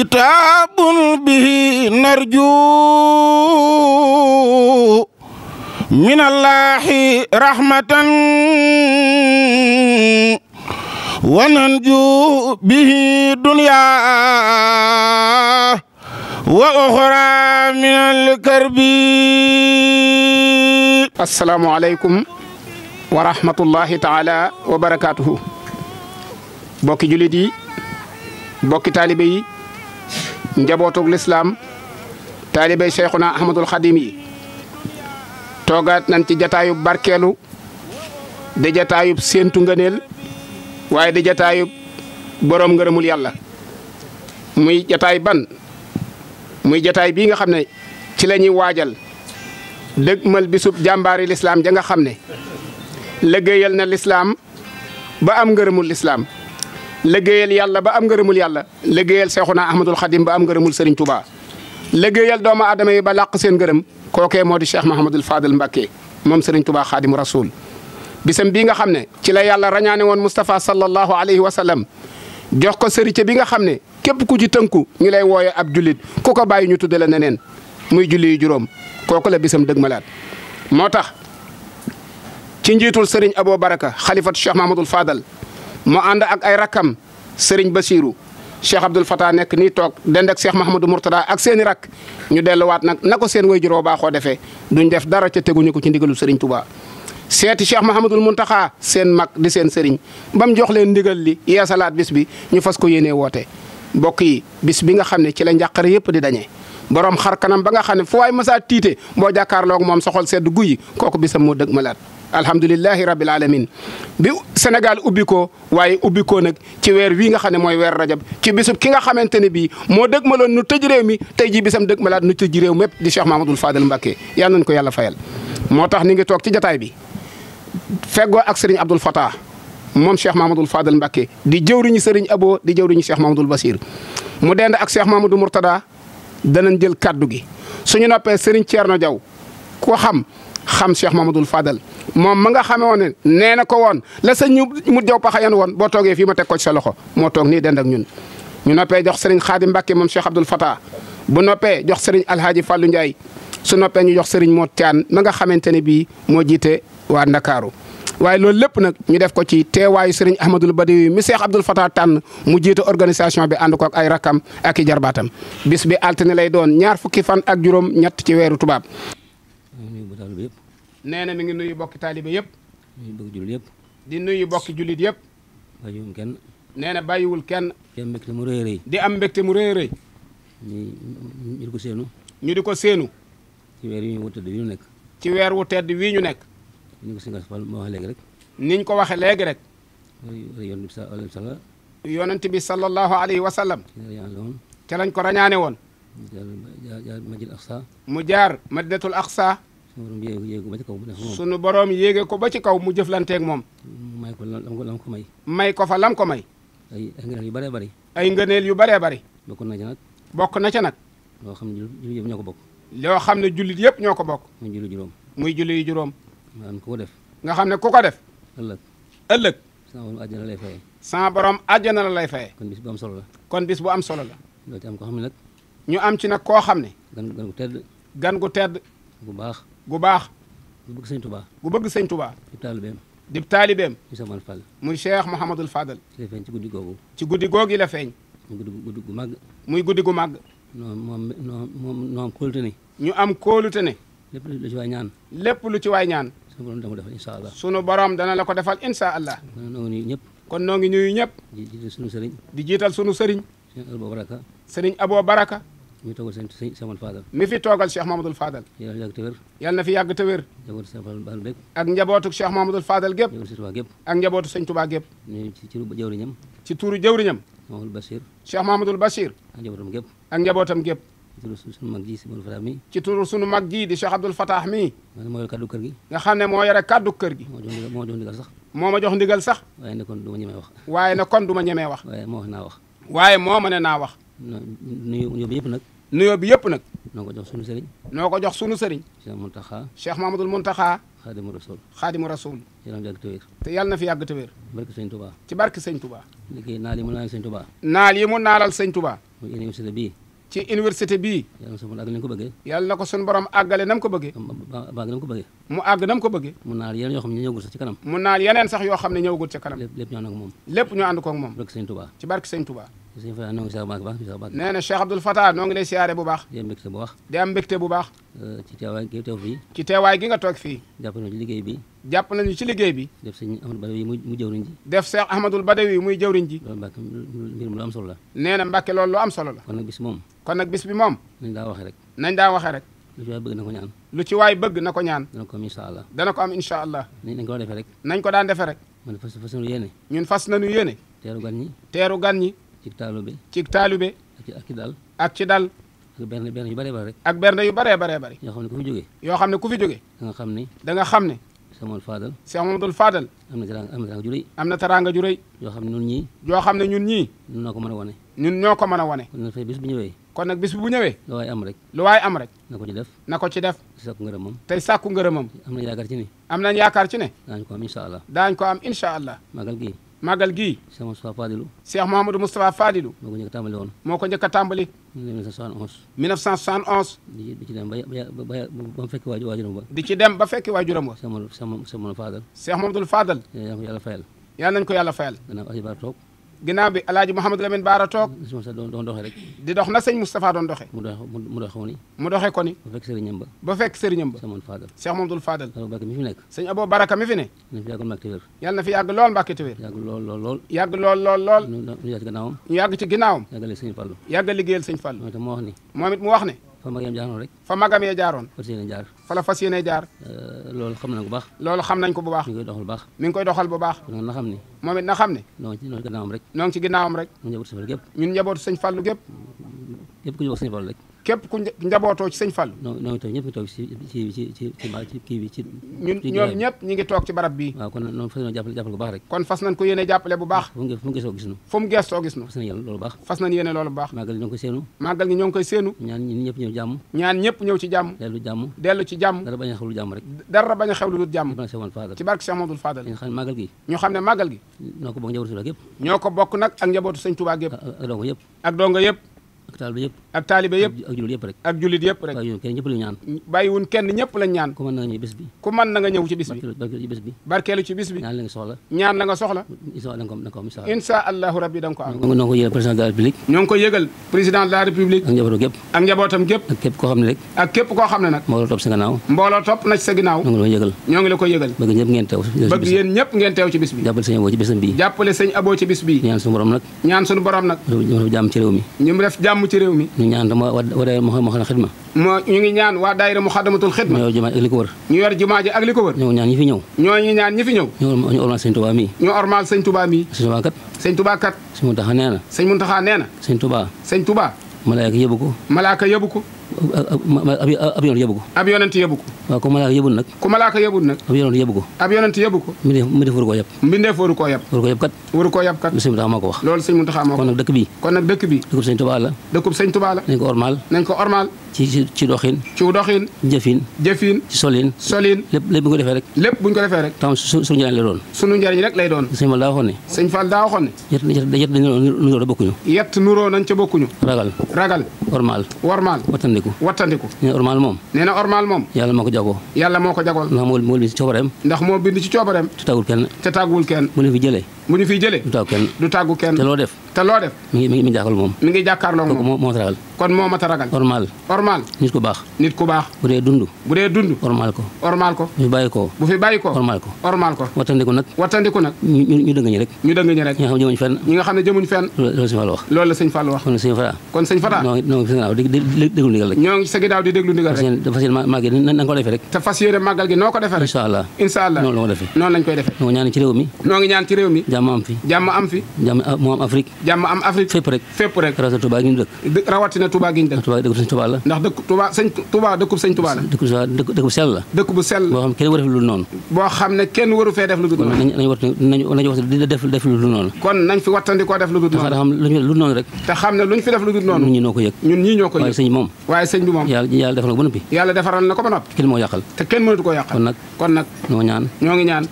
kitaabun bihi narju minallahi rahmatan wa nanju bihi dunya wa uxra minal karbi. asalaamualeykum wa rahmatullahi taala wa barakaatuhu. bokki jullit yi bokki taalibe yi. njabootug lislaam taalibey na Ahmadul Xadim yi toogaat nañ ci jataayub barkeelu di jataayub séentu ngëneel waaye di jataayub boroom ngërëmul yàlla muy jataay ban muy jataay bii nga xam ne ci la ñuy waajal dëgmal bisub jàmbaari lislaam ja nga xam ne liggéeyal na lislaam ba am ngërëmul lislaam liggéeyal yàlla ba am ngërëmul yàlla liggéeyal seexuna ahmadul xadim ba am ngërëmul sëriñ Touba liggéeyal doomu aadama yi ba làq seen ngërëm kookee moo di cheikh mahamadul fadal Mbacke moom sëriñ Touba xaadimu rasul bisam bii nga xam ne ci la yàlla rañaane woon Moustapha sallallahu alayhi wa sallam jox ko sërite bi nga xam ne képp ku ci tënku ñu lay wooye ab jullit ku ko bàyyi ñu tudde la neneen muy julli yu juróom kooku la bisam dëg malaat moo tax ci njiitul sëriñ Abo Baraka xalifatu cheikh mahamadul fadal mu ànd ak ay rakkam sëriñ Basiiru cheikh Abdoul Fatah nekk nii toog dend ak cheikh Mahamadou Mourtada ak seen i ñu delluwaat nag na ko seen wayjur wa baaxoo defee duñ def dara ca teguñu ko ci ndigalu sëriñ Touba. seeti cheikh Mahamadul Muntaxa seen mag di seen sëriñ ba mu jox leen ndigal li yeesalaat bis bi ñu fas ko yéenee woote mbokk yi bis bi nga xam ne ci la njàqare yëpp di dañee. borom xar kanam ba nga xam ne fu waay masaa tiite boo jàkkaarloog moom soxol sedd guy kooku bisam moo dëgg malaat alhamdulilahi rabil alamin bi Sénégal ubbi waaye ubbi ko nag ci weer wii nga xam ne mooy weer rajab ci bisub ki nga xamante ne bii moo dëg maloon nu tëj réew mi tey ji bisam dëg malaat nu tëj réew mépp di Cheikh Mahamadoul Fadal Mbacké yal nañu ko yàlla fayal moo tax ni ngi toog ci jataay bi feggoo ak Serigne Abdoul Fatah moom Cheikh Mahamadoul Fadal Mbacké di jëwriñu sëriñ Abo di jëwriñu Cheikh Mahamadoul Basir mu dend ak Cheikh Mahamadou Mourtada danañ jël kaddu gi suñu noppee Serigne Thierno Diaw ko xam xam Cheikh Mamadou Fadal moom ma nga xame woon ne nee na ko woon la sa ñu mu dew paxa yan woon boo toogee fii ma teg ko ci sa loxo moo toog nii dend ak ñun ñu noppee jox sëriñ Xaadim Mbàkke moom Cheikh Abdoul Fatah bu noppee jox sëriñ Alhaaji Fàllu Ndiaye su noppee ñu jox sëriñ moo taan ma nga xamante ne bii moo jiite waa Ndakaaru waaye loolu lépp nag ñu def ko ci teewaayu sëriñ Ahmadul Badawi mi Cheikh Abdoul Fatah tànn mu jiite organisation bi ànd ko ak ay rakam ak i jarbaatam bis bi ne lay doon ñaar fukki fan ak juróom ci weeru tubaab nee na mi ngi nuyu bokki taalibe yëpp. nuyu bokki jullit yëpp. di nuyu bokki jullit yëpp. bàyyiwul kenn. nee na bàyyiwul kenn. di am mbégte mu rëy rëy. di am mbégte mu rëy rëy. ñu di ko séenu. ñu di ko séenu. ci weer wi wu tedd wi ñu nekk. ci weer wu tedd wii ñu nekk. ni ko sëñ Gaspar ma waxee léegi rek. niñ ko waxee léegi rek. yonent bi sallallahu alayhi wa sallam. ca lañ ko rañaane woon. mu jaar madinatul aqsa. mu jaar madinatul aqsa. sunu borom yéege ko ba ci kaw mu def moom. sunu ko ba ci kaw mu jëflanteeg moom. may ko lam ko may. may ko fa lam ko may. ay ngëneel yu bëree bëri. ay ngëneel yu bëree bëri. bokk na ca nag. bokk na ca nag. loo xam ne jullit yëpp ñoo ko bokk. loo xam ne jullit yëpp ñoo ko bokk. muy julli juróom. muy julli juróom. maanaam ku ko def. nga xam ne ku ko def. ëllëg ëllëg. sama borom àjjana lay fayee. sama borom àjjana la lay fayee. kon bis bu am solo la. kon bis bu am solo la. doo ci am koo xam ne nag. ñu am ci nag koo xam ne. gan gu tedd. gan gu tedd. gu baax. gu baax. gu bëgg sëñ Touba. gu bëgg sëñ Touba. di taalibeem. di taalibeem. muy Cheikh Mouhamadul Fadal. muy Mouhamadul Fadal. ci ci guddi googu. ci guddi googu la feeñ. muy guddi gu mag muy guddi gu màgg. non moom moom ñu am kóolute ne. ñu am lu ci waay ñaan. lépp lu ci waay ñaan. sunu borom dana ko defal incha allah. sunu borom dana la ko defal incha allah. kon noo ngi nuyu ñëpp. kon noo ngi nuyu ñëpp. di jiital sunu sëriñ. di jiital sunu sëriñ. sëriñ Abou Baraka. sëriñ Abou Baraka. mi toogal sëñ Cheikh Mamadou Fadal mi fi toogal Cheikh Mamadou Fadal yàlla na fi yàgg te wér yàlla na fi yàgg te wér njabootu Cheikh Fadal bépp ak njabootu Cheikh Mamadou Fadal gépp njabootu sëñ Touba gépp ak njabootu sëñ Touba gépp ci turu jawriñam ci turu jawriñam ak njabootam gépp ak njabootam gépp ci turu sunu si mi ci turu sunu mag ji di Cheikh Abdul Fatah mi moo yore kaddu kër gi nga xam ne moo yore kaddu kër gi moo jox ndigal sax moo ma jox ndigal sax waaye ne kon du ma wax waaye ne kon du ma ñemee wax waaye moo wax waaye moo ma ne naa wax nuyoo nuyoo bi yëpp nag. nuyoo bi yëpp nag. noo ko jox sunu sëriñ. noo ko jox sunu sëriñ. Cheikh Mountakha. Cheikh Mahamadul Mountakha. Xaadimu Rasul. Xaadimu Rasul. yàlla na fi yàgg te wér. te yàlla na fi yàgg te wér. ci barke Sëñ Touba. ci barke Sëñ Touba. liggéey naal yi mu naalal Sëñ Touba. naal yi mu naalal Sëñ Touba. muy université bii. ci université bii. yàlla na sunu borom àggale na ko bëggee. yàlla na ko sunu borom àggale na mu ko bëggee. ba àgg na mu ko bëggee. mu àgg na mu ko bëggee. mu naal yeneen yoo xam ne ñëwagul sax ci kanam. mu naal yeneen sax yoo xam ne ñëwagul ca kanam. lépp ñu ànd ak moom. lépp ñu ànd ko ak moom. ci barke Sëñ Touba. ci barke Sëñ Touba. sëñ Fata noo ngi siyaare bu baax bu baax. Euh, gi teew fii. ci teewaay gi nga toog fii. jàpp nañu liggéey bi. jàpp nañu ci liggéey bi. def sëñ Ahmadou Badawi muy jëwriñ ji. def Cheikh Ahmadou Badawi muy jëwriñ ji. loolu Mbàkke lu am solo la. nee na Mbàkke loolu lu am solo la. kon nag bis moom. kon nag bis bi moom. nañ daa waxee rek. nañ daa waxee rek. lu ci waay bëgg na ko ñaan. lu ci waay bëgg na ko ñaan. dana ko am dana ko am incha allah. nañ ko daan defee rek. nañ ko daan defee rek. man fas fas nañu yéene. ñun fas nañu yéene. ci taalube ci taalube ak ci dal ak ci dal ak berne berne yu bëree bëri rek ak berne yu bëree bëree bëri yoo xam ne ku fi jógee yoo xam ne ku fi jógee da nga xam ne da nga xam ne Cheikh Mamadou Fadal Cheikh Mamadou Fadal am na teraanga am na teraanga ju rëy am na teraanga ju rëy yoo xam ne ñun ñii yoo xam ne ñun ñii ñun ñoo ko mën a wane ñun ñoo ko mën a wane kon nag fay bis bu ñëwee kon nag bis bu ñëwee lu waay am rek lu waay am rek na ko ci def na ko ci def tey sàkku ngërëmam tey sàkku ngërëmam am nañ yaakaar ci ne am nañ yaakaar ci ne daañu ko am incha allah daañu ko am incha allah magal gii magal gii Cheikh Moustapha Fadilou Cheikh Mouhamadou Moustapha Fadilou moo ko njëkk a woon moo ko njëkk a tàmbali 1971 1971 di ci dem ba fekki waajuram ba di ci dem ba fekki waajuram ba Cheikh Mouhamadou Fadal Cheikh Mouhamadou Fadal yàlla nañ ko yàlla fayal ginnaaw bi alaaji Mouhamadou Lamine Baara toog di dox na sëñ Moustapha doon doxe mu doxe ko ni mu doxe ko ni ba fekk sëriñam ba ba fekk sëriñam ba Sëriñ Fadal Cheikh Mamadou Fadal Abou Baraka mi fi nekk sëñ Abou Baraka mi fi ne yàlla na fi yàgg lool Mbàkke te wér yàgg lool lool lool yàgg lool lool lool ñu yàgg ci ginnaawam yàgg liggéeyal sëñ Fallou yàgg liggéeyal sëñ Fallou moom it mu wax ne fa magam jaaroon rek fa magam yee jaaroon fas yéene fa la fas yéene jaar euh, loolu xam nañ ko bu baax loolu xam nañ ko bu baax mi ngi koy doxal bu baax mi ngi koy doxal bu baax noonu na xam ne moom it na xam ne noo ngi ci ginnaawam rek noo ngi ci ginnaawam rek ñun njabootu sëñ Fallou gépp ñun njabootu sëñ Fallou gépp képp ku jubóog sëñ Fallou rek képp ku njabootoo ci sëñ Fall. non non ñëpp ngi toog ci ci ci ci ci kii bi ci. ñun ñoom ñëpp ñi ngi toog ci barab bii. waaw kon noonu fas nañu jàppale jàppale bu baax rek. kon fas nañ ko yéene jàppale bu baax. fu mu gëstoo gis nu. fu mu gëstoo gis nu. fas nañ yéene loolu baax. fas nañ yéene loolu baax. màggal gi ñoo ngi koy séenu. màggal gi ñoo ngi koy séenu. ñaan ñëpp ñëw jàmm. ñaan ñëpp ñëw ci jàmm. dellu jàmm. dellu ci jàmm. dara bañ a xewlu jàmm rek. dara bañ a xewlu dul jàmm. ci barke Cheikh Mamadou Fadal. ñu xam màggal gi. ñu xam ne màggal gi. ñoo ko bokk nag ak njabootu sëñ Tuubaa gépp. ak dongo yëpp. ak taalibe yëpp ak taalibe yëpp rek ak jullit yëpp rek bàyyiwun kenn ñëpp la ñaan bàyyiwun kenn ñëpp ñaan ku mën na nga ñëw bis bi ku mën na nga ñaan la nga soxla ñaan la nga nag ñaan suñu borom nag ñaan suñu borom nag ñu def jàmm ci réew jàmm ci réew mi ñu ngi ñaan waa daayira Moukhaddamatoul Khidma moo ñu ngi ñaan waa daayira Moukhaddamatoul Khidma ñu yor jumaa ak li ko ñu yor jumaa ak li ko wër ñaan ñi fi ñëw ñoo ñu ñaan ñi fi ñëw ñu ormal sëñ Touba mii ñu ormal sëñ Touba mii sëñ Touba kat sëñ Touba kat sëñ Mountakha nee na sëñ Mountakha nee na sëñ Touba sëñ Touba ko malaaka yóbbu ko ab yoon yóbbu ko ab yonent yóbbu ko waaw ku malaaka yóbbul nag ku malaaka yóbbul nag ab yonent yóbbu ko ab yonent yóbbu ko mbindeef waru koo yab mbindeef waru koo yab waru koo yab kat waru koo yab kat sëñ Muntaxa moo ko wax loolu sëñ Muntaxa moo ko kon nag dëkk bi kon nag dëkk bi dëkkub sëñ Tuubaa la dëkkub sëñ Tuubaa la nañ ko ormaal nañ ko ormaal ci ci doxin. ci doxin. jëfin. jëfin. ci solin. solin lépp lépp bu ñu ko defee rek. lépp bu ñu ko defee rek. tam su suñu njëriñ la doon. suñu njëriñ rek lay doon. sëñ Fall daa waxoon ne. sëñ Fall daa waxoon ne. yett yett dañu nuroo da bokkuñu. yett nuroo nañ ca bokkuñu. ragal. ragal. ormal. ormal wattandiku. wattandiku. nee na ormal moom. nee na ormal moom. yàlla moo ko jagoo. yàlla moo ko jagool. ndax moo moo bind ci coobareem. ndax moo bind ci coobareem. te tàggul kenn. te tàggul kenn. bu ñu fi jëlee. bu ñu fiy loo def. te loo def. moom. mi ngi jàkkaarloo moom. moo kon moo mat a ragal. ormal ormal. nit ku baax. nit ku baax. bu dee dund. bu dee dund. ormal ko. ormal ko. bu fi bàyyi ko. bu fi bàyyi ko. ormal ko. ormal ko. wattandiku nag. wattandiku nag. ñu ñu ñu dëng ñi rek. ñu dëng ñi rek. ñi nga xam ne jëmuñ fenn. ñi nga xam ne jëmuñ fenn. loolu la sëñ Fall wax. loolu la sëñ Fall wax. kon sëñ Fall. kon sëñ Fall. non non sëñ Fall di déglu ndigal rek. ñoo ngi sa ginnaaw di déglu ndigal rek. te fas yéene màggal gi na nga ko defee rek. te fas yéene màggal gi noo ko defee rek. incha allah incha allah noonu la ko defee. noonu lañ koy defee. noo ñaan ci réew mi. noo ngi ñaan ci réew mi. jàmm am fi. jàmm am fi. jàmm ah, mu am Afrique. jàmm am Afrique. fépp rek. fépp rek. rawatina Touba gi ñu dëkk. rawatina Touba gi ñu dëkk Touba dëkk sëñ Touba la ndax dëkk Touba sëñ la dëkk bu sell la dëkk bu sell boo xam ne kenn waru def lu noonu nañ war nañu def lu dul noonu kon nañ fi wattandikoo def lu dul noonu xam lu ñu lu def lu dul noonu ñun ñi ñoo ko yëg ñun ñii ñoo ko yëg waaye moom waaye sëñ bi moom yàlla defaral na ba noppi yàlla defaral na ko ba noppi kenn moo yàqal te kenn mënatu koo yàqal kon nag ñoo ñaan ñoo ñaan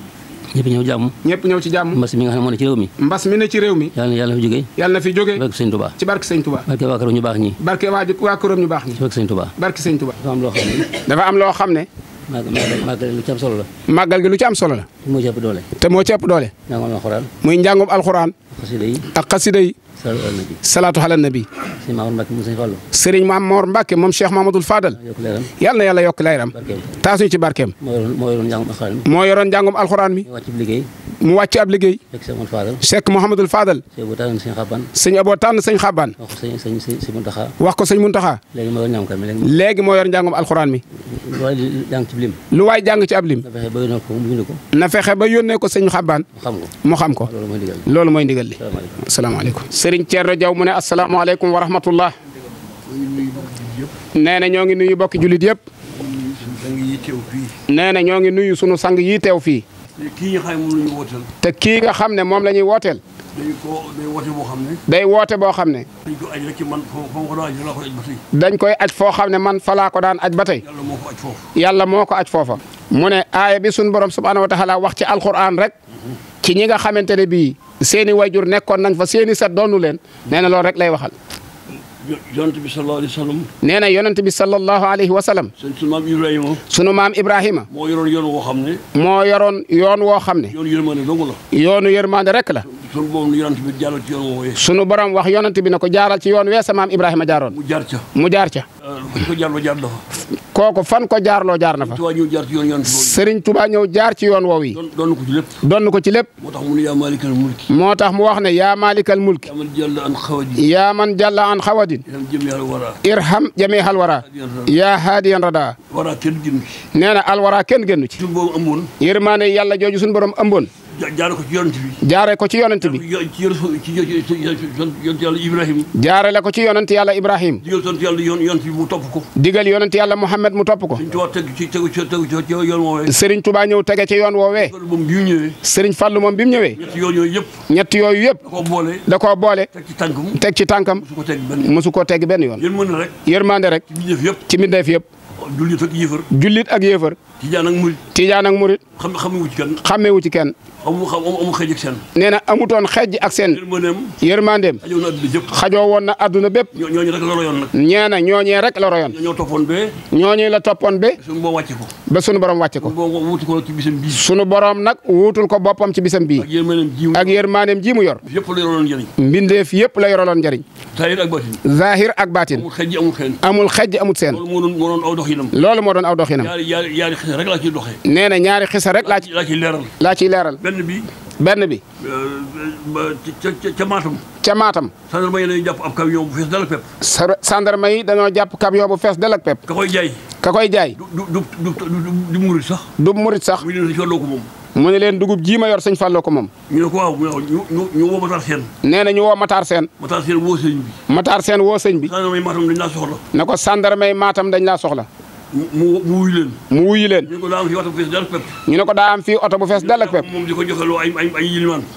ñëpp ñëw jàmm mbas mi nga xam ne moo ne ci réew mi mbas mi ne ci réew mi yàlla yàlla sëñ Touba ci barke sëñ Touba dafa am loo xam ne dafa am loo xam ne màggal gi lu ci am solo la moo ci ëpp doole te moo ci ëpp doole njàngum alxuraan muy njàngum alxuraan ak xasida yi ak xasida yi salaatu ala nabi. sëriñ Maam Mor mbakke moom Cheikh Mamadou Fadal. yal na yàlla yokk leeram. taasuñ ci barkeem. moo yoroon njàngum alxuraan mi. moo yoroon njàngum mi. mu wàcc ab liggéey. Cheikh Mouhamadul Fadal. sëñ Aboo tànn sëñ Xabaan. wax ko sëñ Muntaxa. léegi moo yor njàngum alxuraan mi. lu waay jàng ci ab lim. na fexe ba yónnee ko sëñ Xabaan. mu xam ko loolu mooy ndigal li. asalaamaaleykum. Serigne Thierno Diaw mu ne asalaamaaleykum wa rahmatullah. nee na ñoo ngi nuyu bokki julit yëpp. nee na ñoo ngi nuyu sunu sang yi teew fii. kii nga xam te kii nga xam ne moom la ñuy wooteel. day woote boo xam ne. dañ koy aj foo xam ne man fa laa ko daan aj ba tey. yàlla moo ko aj foofa. moo mu ne aaya bi sunu borom subhaanahu wa taala wax ci alquran rek. Mm-hmm. ci ñi nga xamante ne bii. seeni wayjur nekkoon nañ fa seeni sat doonu leen. Mm-hmm. nee na loolu rek lay waxal. yonent bi sallallahu alayhi wa sallam. nee na yonent bi sallallahu alayhi wa sallam. sunu maam Ibrahima. sunu maam Ibrahima. moo yoroon yoon woo xam ne. moo yoroon yoon woo xam ne. yoonu yërmande dong la. yoonu yërmande rek la. sunu borom yonent bi jaaral ci yoon wax yonent bi na ko jaaral ci yoon wee sa maam Ibrahima jaaroon. mu jaar ca mu jaar ca. Euh, ko jaarloo kooku fan ko jaarloo jaar na fa. Serigne Touba ñëw jaar ci yoon woowu yi. doon ko ci lépp. ko ci lépp. moo tax mu moo wax ne yaa maalikal mulki. yaa man jalla an xawadin. irham jamii hal wara. yaa haadiyan rada. nee na alwara kenn génnu ci. yërmaane yàlla jooju sunu borom ëmboon jaare ko ci yonent bi. jaare ko ci yonent bi. ci yonent yàlla Ibrahima. jaarale ko ci yonent yàlla Ibrahima. digal yonent yàlla yonent bi mu topp ko. digal yonent yàlla Mouhamed mu topp ko. Serigne Touba teg ci tegu ci tegu ci yoon woowee. Serigne Touba ñëw tege yoon woowee. moom bi mu ñëwee. Serigne Fallou moom bi mu ñëwee. ñett yooyu yëpp. ñett yooyu yëpp. da koo boole. da koo boole. teg ci tànkam. mu ci tànkam. mosu ko teg benn yoon. yërmande rek. ci mbindeef yëpp jullit ak yéefar. jullit ak yéefar. tijaan ak murit. tijaan ak murit. xame wu ci kenn. xame ci kenn. amu xam amu xëj ak seen. nee na amutoon xëj ak seen. yërmandeem yërmandeem. xajoo na adduna bépp. xajoo woon na adduna bépp. ñooñu rek la royoon nag. ñee na ñooñee rek la royoon. ñooñoo toppoon bee. ñooñu la toppoon bee. suñu borom wàcce ko. ba suñu borom wàcce ko. nag wuutul ko boppam ci bisam bii. ak yërmandeem ji mu yor. yëpp la yoroloon njëriñ. mbindeef yëpp la yoroloon njëriñ. zahir ak baatin. zahir ak baatin. amul xëj amul seen. loolu moo doon aw doxinam. ñaari xisa rek laa ciy leeral benn bi. benn bi. Euh, ca ca Matam. ca maatam sandarma yi dañoo jàpp ab camion bu fees dal ak pepp. sandarma yi dañoo jàpp camion fees dal ak pepp. ka koy jaay. ka koy jaay. du du du du murit sax. du murit sax. mu ne leen sëñ Fallou ko mu ne leen dugub ji ma yor sëñ Fallou ko moom. ñu ne ko woo Matar Seen. nee na ñu woo Matar Seen. Matar Seen woo sëñ bi. Seen bi. sandarma yi dañ laa dañ laa soxla. mu wuyu leen. mu wuyu leen. ñu ne daa am fii oto bu fees dell ñu ne ko daa am fii oto bu fees dell moom di ko joxeloo ay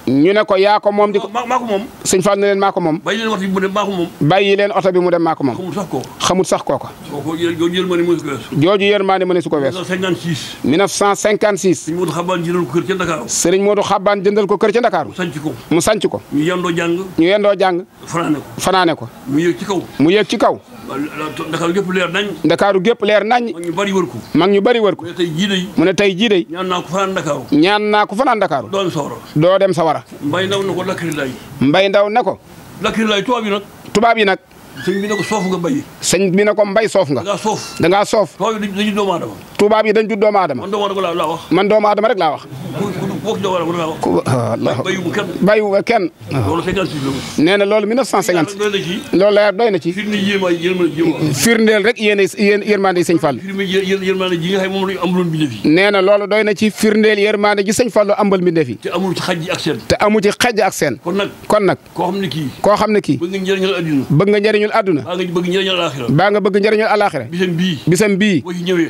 ñu ne ko yaa moom di ko. maa ko moom. sëñ Fall ne leen maa ko moom. bàyyi leen oto bi mu dem maa ko moom. bàyyi leen oto bi mu dem maa ko moom. xamut sax kooka. xamut sax kooka. kooku jooju yërmaane mënees ko weesu. jooju yërmaane mënees ko weesu. 1956. 1956. sëñ mu sanc ko. ñu yendoo jàng. fanaane ko. fanaane ko. mu yëg ci kaw. mu yëg ci kaw. ndakaaru gépp leer nañ ndakaaru gépp leer nañ mag ñu ko mag ñu bari wër ko mu tey jii day mu ne tey jii day ñaan naa ko fanaan ndakaaru doo dem sawara doo dem sawara mbay ndaw na mbay ndaw na ko lakkri lay tubaab yi nag tubaab yi nag sëñ bi ne ko soof nga bi ne ko mbay soof nga dangaa soof dangaa soof tubaab yi dañu yi dañ ju doomu aadama man doomu aadama rek laa wax man doomu aadama rek laa wax bàyyiwuma ah, kenn ah. nee na loolu 1950 loolu la doy na ci firndeel rek yéen yéen yërmande yi sëñ Fall nee na loolu doy na ci firndeel yërmande ji sëñ Fall ambal mbindeef te amu ci xaj ak seen te amu ci xaj ak seen kon nag koo xam ne kii koo xam ne kii bëgg nga njëriñul àdduna baa nga bëgg njëriñul alaxira bisam bii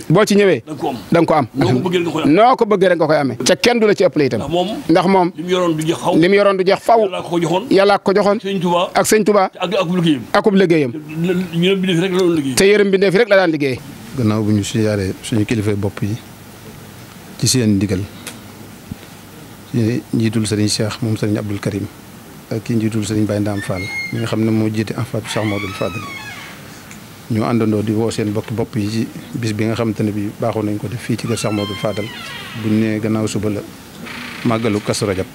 boo ci ñëwee da nga ko am noo ko bëggee rek nga koy amee ca kenn du la ci ëpp la itam. ndax moom li mu yoroon du jeex xaw li mu yoroon du jeex faw. yàllaa ko joxoon ak sëñ Tuba ak akub liggéeyam. te yërëm bi def rek la daan liggéey. gannaaw bu ñu siyaaree suñu kilifa bopp yi ci seen ndigal ci njiitul sëriñ Cheikh moom sëriñ Abdul Karim ak ki njiitul sëriñ Baye Ndam Fall mi nga xam ne moo jiite en fait Cheikh Modou Fadel ñu àndandoo di woo seen bokk bopp yi ci bis bi nga xamante ne bi baaxoon nañ ko def fii ci kër Cheikh Modou Fadel buñ ne gannaaw suba la. màggalu kasu rajab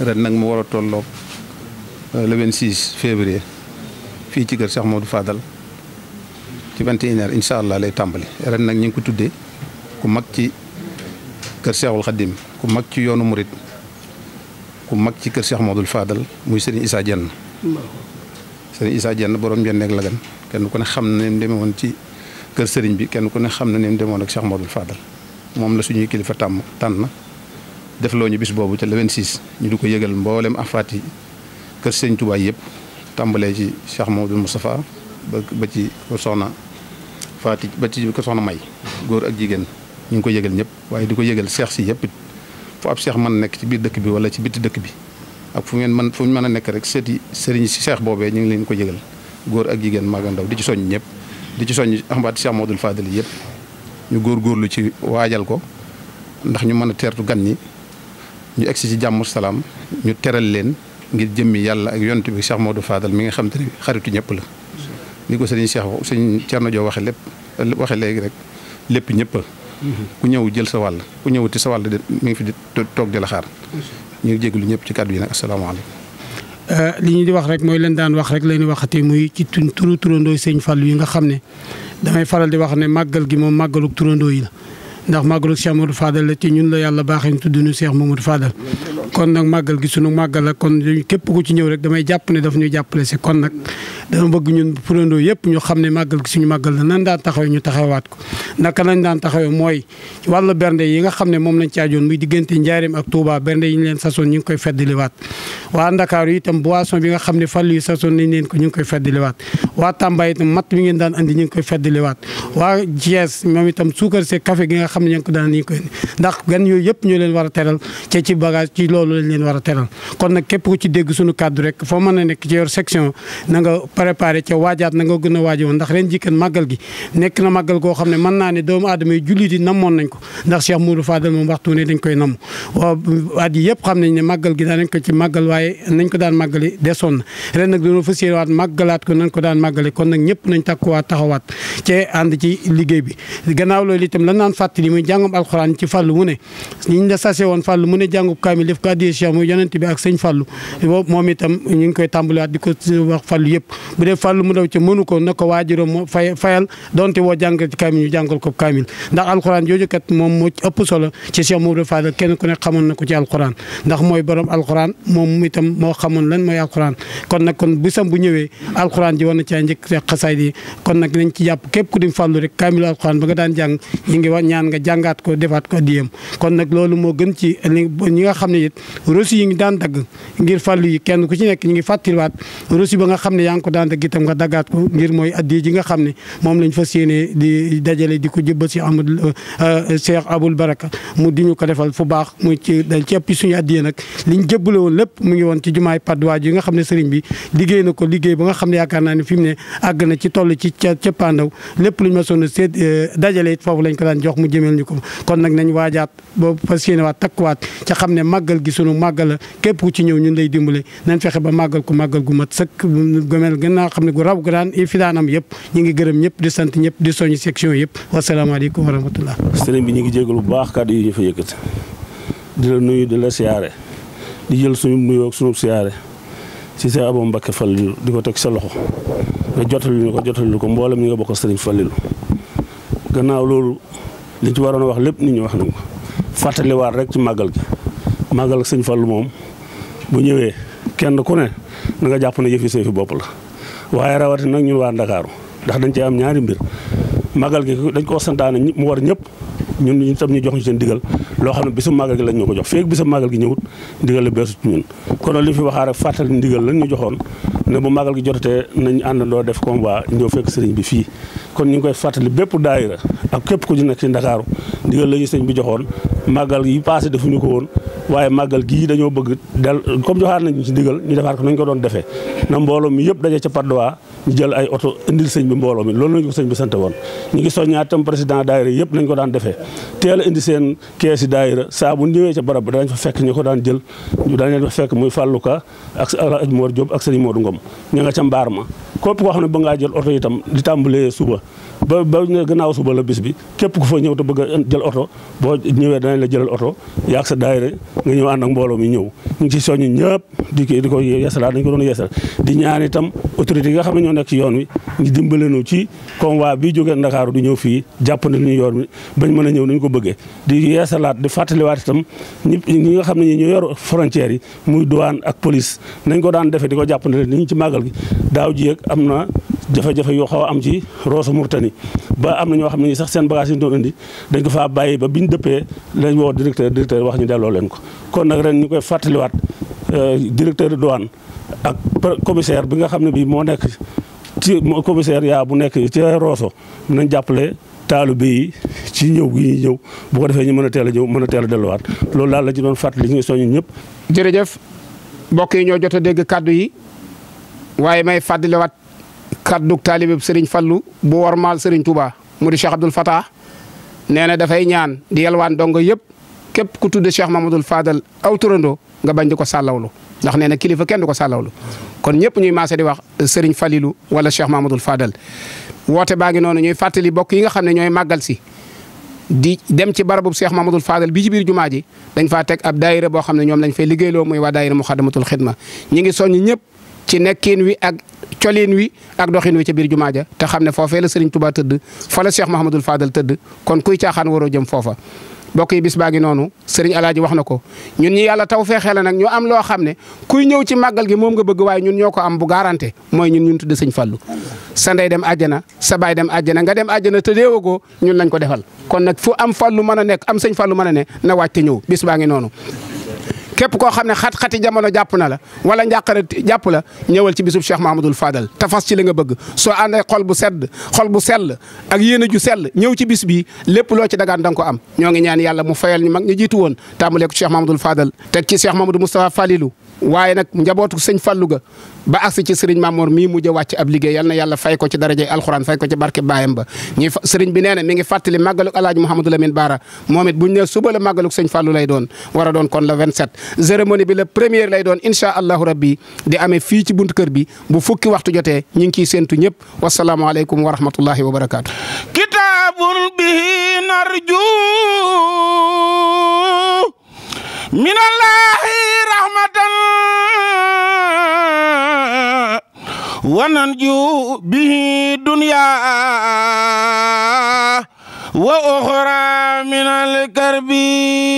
ren nag mu war a tolloog euh, le 26 février fii ci kër Cheikh Modou ci 21h incha allah lay tàmbali ren nag ñu ngi ko tuddee ku mag ci kër Cheikhul Khadim ku mag ci yoonu murit ku mag ci kër Cheikh Modou Fadal muy Serigne Issa Dieng. Serigne Issa Dieng borom Dieng ak kenn ku ne xam na ne mu ci kër sëriñ bi kenn ku ne xam na ne mu demoon ak Cheikh Modou Fadal moom la suñuy kilifa tàmm tànn. def defloo ñu bis boobu te le siis ñu di ko yëgal mboolem afaati kër sëñ Touba yëpp tàmbalee ci Cheikh Mamadou Moustapha ba ba ci ko soxna Faati ba ci ko soxna May góor ak jigéen ñu ngi ko yëgal ñëpp waaye di ko yëgal seex si yëpp it fu ab seex mën nekk ci biir dëkk bi wala ci biti dëkk bi ak fu ngeen mën fu mën a nekk rek seeti sëriñ si seex boobee ñu ngi leen ko yëgal góor ak jigéen mag ak di ci soññ ñëpp di ci soññ axambaati Cheikh Mamadou Fadil yëpp ñu góorgóorlu ci waajal ko ndax ñu mën a teertu gan ñi ñu egsi ci jàmm salaam ñu teral leen ngir jëmmi yàlla ak yonent bi Cheikh Modou faadal mi nga xam te ne xaritu ñëpp la. ni ko sëriñ Cheikh sëriñ Thierno Diop waxee lépp waxee léegi rek lépp ñëpp ku ñëw jël sa wàll ku ti sa wàll de mi ngi fi di toog di la xaar. ñu ngi lu ñëpp ci kàddu yi nag asalaamaaleykum. Euh, li ñu di wax rek mooy leen daan wax rek lay ni waxatee muy ci turu turandoo sëñ Fallou yi nga xam ne damay faral di wax ne màggal gi moom màggalu turandoo yi la. ndax màggalu Cheikh Mamadou Fadal la ci ñun la yàlla baaxee ñu tudd ñu Cheikh Mamadou Fadal kon nag màggal gi sunu màggal la kon képp ku ci ñëw rek damay jàpp ne daf ñuy jàppale si kon nag dama bëgg ñun furandoo yëpp xam ne màggal gi suñu màggal la nan daan taxawee ñu taxawaat ko naka nañ daan taxawee mooy wàllu bernde yi nga xam ne moom lañ caajoon muy diggante njaareem ak Touba bernde yi ñu leen ñu ngi koy feddaliwaat waa Ndakaaru itam boisson bi nga xam ne fàllu yi sasoon nañ leen ko ñu ngi koy feddaliwaat waa Tamba itam matt bi ngeen daan andi ñu ngi koy feddaliwaat waa Thiès moom itam suukar see café gi nga xam ne ko daan ñu koy ndax gan yooyu yëpp ñu leen war a teral ci ci bagage ci loolu loolu lañ leen war a teral kon nag képp ku ci dégg suñu kàddu rek foo mën a nekk ci yor section na nga préparé ca waajaat na nga gën a waajoo ndax ren jii kan gi nekk na màggal goo xam ne nañ ko ndax Cheikh Moudou Fadel moom waxtu ne at yi yëpp gi daan nañ ko ci màggal waaye nañ ko daan màggali desoon na ren nag dañoo fas yéewaat màggalaat ko nañ ko daan màggale kon nag ñëpp nañ takkuwaat taxawaat cee ànd ci liggéey bi gannaaw loolu tam lan naan fàttali muy jàngum alxuraan ci fàllu mu ne ñiñ la sase woon fàllu mu ko addiyee Cheikh muy yonent bi ak sëñ Fallou boobu moom itam ñu ngi koy tàmbaliwaat di ko wax Fallou yëpp bu dee Fallou mu daw ca mënu ko na ko waajuram moo fay fayal donte woo jàngal ci kaamil ñu jàngal ko kaamil ndax alxuraan jooju kat moom moo ëpp kon nag kon bisam bu ñëwee alxuraan ji war na njëkk xasaay di kon nag nañ ci jàpp képp ku di Fallou rek kaamil alxuraan ba nga daan jàng ñi ngi wax ñaan nga jàngaat ko defaat ko addiyam kon nag loolu moo gën ci ñi nga xam ne reçu yi ngi daan dagg ngir fàllu yi kenn ku ci nekk ñu ngi fàttaliwaat reçu ba nga xam ne yaa ngi ko daan dagg itam nga daggaat ko ngir mooy addiya ji nga xam ne moom lañ fas yéenee di dajale di ko jëbbal si Amadou euh, Cheikh Aboul Baraka mu di ñu ko defal fu baax mu ci dañ ci ëppi suñu addiya nag liñ jëbbale woon lépp mu ngi woon ci jumaay Patte d'Oie yi nga xam ne sëriñ bi liggéey na ko liggéey ba nga xam ne yaakaar naa ni fi mu ne àgg na ci toll ci ca cappaandaw lépp luñ ma sonn seet euh, dajale foofu lañ ko daan jox mu jëmeel ñu ko kon nag nañ waajaat ba fas yéene waat takkuwaat ca xam ne màggal gi suñu màggal la képp ku ci ñëw ñun lay dimbale nañ fexe ba màggal ko màggal gu mat sëkk gomel gën xam ne gu raw gu daan yëpp ñu ngi gërëm ñëpp di sant ñëpp di soññ section yëpp wasalaamaaleykum wa rahmatullah sëriñ bi ñu ngi jégalu bu baax kàddu yi ñu fa yëkkati di la nuyu di la siyaare di jël suñu nuyoo ak suñu siyaare sa Abou Mbacké Fallilu di ko teg sa loxo nga jotal ñu ko jotal ko mboolem ñi nga bokk sëriñ Fallilu gannaaw loolu li ci waroon a wax lépp nit ñi wax nañ ko fàttaliwaat rek ci màggal gi màggal ak sëñ Fallou moom bu ñëwee kenn ku ne na jàpp ne yëfi say fi bopp la waaye rawatina nag ñun waa Ndakaaru ndax dañ cee am ñaari mbir màggal gi dañ koo santaane mu war ñëpp ñun ñu tam ñu jox seen digal loo xam ne bisu màggal gi lañ ñu ko jox feek bisu màggal gi ñëwut digal la beesut ñun kon li fi waxaa rek fàttali ndigal lañ ñu joxoon ne bu màggal gi jotatee nañ àndandoo def combat ñëw fekk sëriñ bi fii kon ñu ngi koy fàttali bépp daayira ak képp ku ci nekk ci Ndakaaru digal la ñu sëñ bi joxoon màggal yi passé defuñu ko woon waaye màggal gii dañoo bëgg del comme joxaat nañu ci digal ñu defaat ko nañ ko doon defee na mbooloo mi yëpp daje ca Padoa ñu jël ay oto indi sëñ bi mbooloo loolu lañu ko sëñ bi sant woon ñu ngi soññaat tam président daayira yëpp nañ ko daan defee teel indi seen keesi daayira saa bu wee ca barab dañ fa fekk ñu ko daan jël ñu daan leen fa fekk muy fàlluka ak moo Moor Jóob ak sëñ Moodu Ngom ñu nga ca mbaar ma képp koo xam ne ba ngaa jël oto itam di tàmbalee suba ba ba ñu gannaaw suba la bis bi képp ku fa ñëw te bëgg a jël oto boo ñëwee danañ la jëlal oto yaag sa daayira nga ñëw ànd ak mbooloo mi ñëw ñu ngi ci soññu ñëpp di ko di ko yeesalaat dañ ko doon yeesal di ñaan itam autorité yi nga xam ne ñoo nekk ci yoon wi ñu dimbale nu ci convoi bi jógee di ñëw fii jàpp na ñu yoon wi bañ mën a ñëw nañ ko bëggee di yeesalaat di fàttaliwaat itam tam ñi nga xam ne ñi ñu yor frontières yi muy douane ak police nañ ko daan defee di ko jàpp ne ni ñu ci màggal gi daaw ji am na jafe-jafe yoo xaw a am ci Rosso Mauritanie ba am na ñoo xam ne sax seen bagage yi ñu doon indi dañ ko faa bàyyi ba bi ñu dëppee lañ woo directeur directeur wax ñu delloo leen ko kon nag ren ñu koy fàttaliwaat euh, directeur de douane ak commissaire bi nga xam ne bii moo nekk ci commissaire yaa bu nekk ci Rosso nañ jàppale taalibe yi ci ñëw gi ñuy ñëw bu ko defee ñu mën a teel a ñëw mën a teel a delluwaat loolu daal la ci doon fàttali ñu soñu ñëpp. jërëjëf mbokk yi ñoo jot a dégg kàddu yi waaye may fàttaliwaat kàddug taalibe sëriñ fallu bu warmaal sëriñ Touba mu di Cheikh Abdoul Fatah nee na dafay ñaan di yalwaan dongo yëpp képp ku tudde Cheikh Mamadou Fadal aw turando nga bañ di ko sàllawlu ndax nee na kilifa kenn du ko sàllawlu kon ñëpp ñuy maase di wax sëriñ Falilou wala ma Mamadou Fadal woote baa ngi noonu ñuy fàttali bokk yi nga xam ne ñooy màggal si di dem ci barabu Cheikh Mamadou Fadal bi ci biir jumaa ji dañ faa teg ab daayira boo xam ne ñoom lañ fay liggéeyloo muy waa daayira Muxaddamatul Xidma ñi ngi soññ ñëpp ci nekkiin wi ak colin wi ak doxin wi ca biir jumaa ja te xam ne foofee la Serigne Touba tëdd fa la Cheikh Mahamadul Fadal tëdd kon kuy caaxaan waroo jëm foofa. mbokk yi bis baa ngi noonu Serigne Alaaji wax na ko ñun ñi yàlla taw feexee la nag ñu am loo xam ne kuy ñëw ci màggal gi moom nga bëgg waaye ñun ñoo ko am bu garanté mooy ñun ñun tudd Sëñ Fallu sa ndey dem àjjana sa baay dem àjjana nga dem àjjana te ko ñun lañ ko defal kon nag fu am fallu mën a nekk am Sëñ Fallu mën a ne na wàcc ñëw bis baa ngi noonu képp koo xam ne xat-xati jamono jàpp na la wala njàqare jàpp la ñëwal ci bisub Cheikh Mahamadul Fadal te fas ci li nga bëgg soo àndee xol bu sedd xol bu sell ak yéene ju sell ñëw ci bis bii lépp loo ci dagaan da nga am ñoo ngi ñaan yàlla mu fayal ñu mag ñu jiitu woon tàmbalee ko Cheikh Mahamadul Fadal teg ci Cheikh Mahamadou Moustapha Falilou waaye nag njabootu sëñ Fallou ba agsi ci sëriñ Mamoor mii mujj a wàcc ab liggéey yàlla fay ko ci daraje alxuraan fay ko ci barke baayam ba ñuy bi nee mi ngi fàttali màggaluk alaaji Mouhamadou Lamine Baara moom bu ñu suba la màggaluk sëñ Fallou lay doon war doon kon le 27 cérémonie bi le premier lay doon incha allahu rabbi di amee fii ci kër bi bu fukki waxtu jotee ñu ngi ciy séentu ñëpp wasalaamualeykum wa minallahi rahmatan wa nanju bihi dunya wa ukhra min al karbi